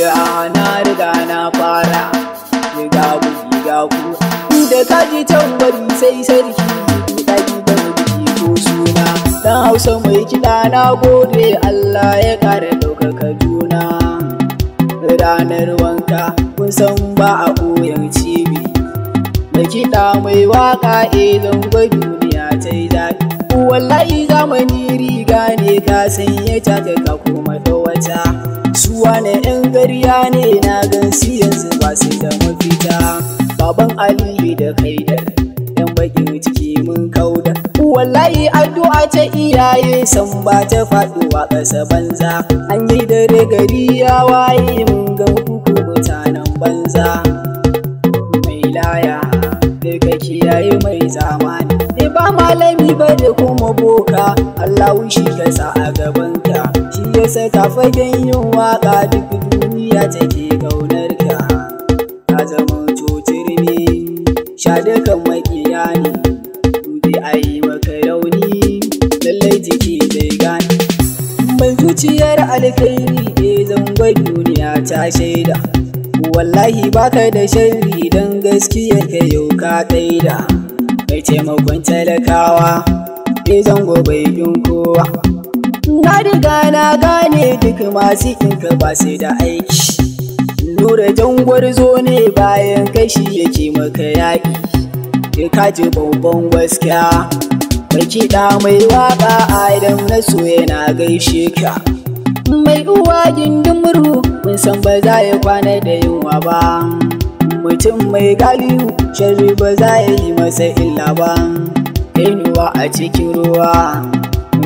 ya na riga na fara riga ku riga ku da kaji tambari sai sarki ɗaki da mulki ko suna dan hausa mai kiɗa na gode Allah ya ƙara ɗaukaka juna ranar wanka kun san ba a koyar cibi da kiɗa mai waka e zango duniya ta yi zafi wallahi zamani riga ne ka sanya ta ka wata suwa ne yan gariya ne na gansi yanzu ba su da mafita baban aliyu da da yan baƙin ciki mun kauda wallahi addu'a ta iyaye san ba ta faɗuwa ƙasa banza an yi dare gari ya waye mun ga kuku mutanen banza mai laya da ka kiyaye mai zamani ba malami ba da kuma boka Allahun shi ka sa a gaban bisa ta fagen yin waka duk duniya take kaunar ka ta zama cocir ne sha dukan makiya ne dubi a yi maka rauni lallai jiki zai gane mai zuciyar alkhairi ne eh, zangon duniya ta shaida wallahi baka da shairi don gaskiyar ka yau ka tsaida mai taimakon talakawa ne eh, zango bai kowa Na riga na gane duk masu inka ba sai da aiki. Nura jangwar zo ne bayan kashi yake maka yaƙi. Ka kaji babban gaskiya. Baki kiɗa mai waƙa a idan na so yana gaishe ka. Mai uwa gindin murhu mun san ba za ya kwana da yunwa ba. Mutum mai galihu sharri ba za ya yi masa illa ba. Inuwa a cikin ruwa.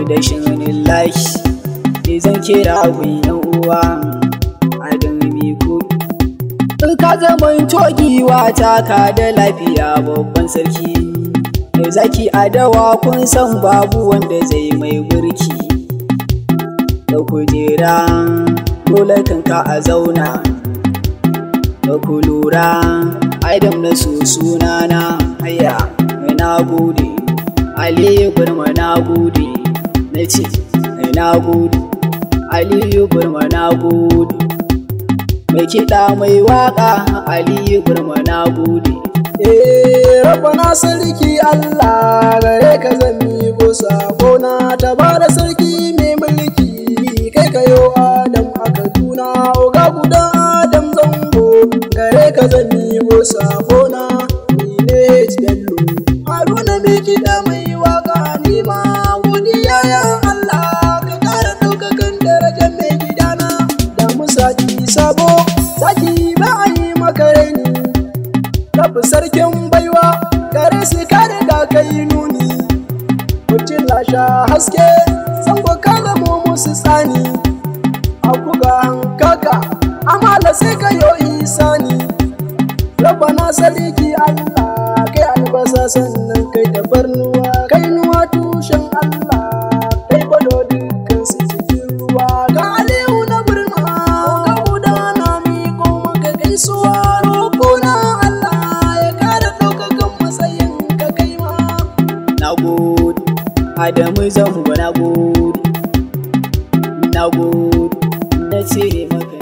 da shi ne zan kira wai yan uwa a dangami ko ka zama zaman ta ka da lafiya babban sarki ne zaki a dawa kun san babu wanda zai mai burki da kujera dole kanka a zauna da ku lura adam na su sunana haya na gode aliyu kurma na gode na ce eh, na gode aliyu burma na gode mai kiɗa mai waƙa aliyu burma na gode Eh, na sarki Allah gare ka zami ko sako na da sarki mai mulki kai ka wa Adam a Kaduna ga guda Adam zango gare ka zami ko sako na ne Bello Haruna mai kiɗa mai sarkin baiwa gare su ka riga kai nuni mutum lasha haske sango kala mu musu tsani a kuka hankaka amala sai ka yo isani na saliki allah kai albasa sannan kai da barnuwa kai nuwa tushen allah kai balodin Adamu zango na gode, na gode, na ce maka